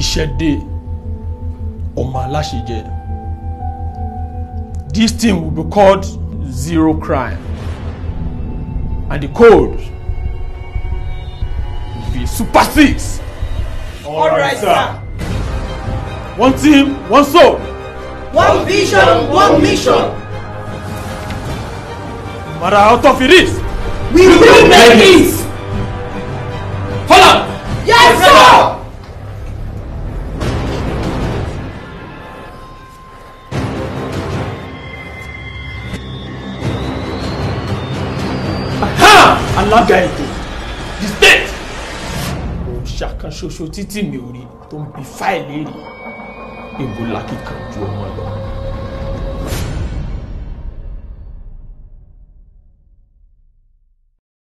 iṣẹ́ dé ọmọ aláṣejẹ this thing will be called zero crime and the code will be super six. all right sir. one team one soul. one vision one mission. no matter how tough it is. we will make it. alága ètò the state òòṣà kan ṣoṣo títí mi ò rí tó ń bi fáìlì rí èbó lákìkanjú ọmọ lọ.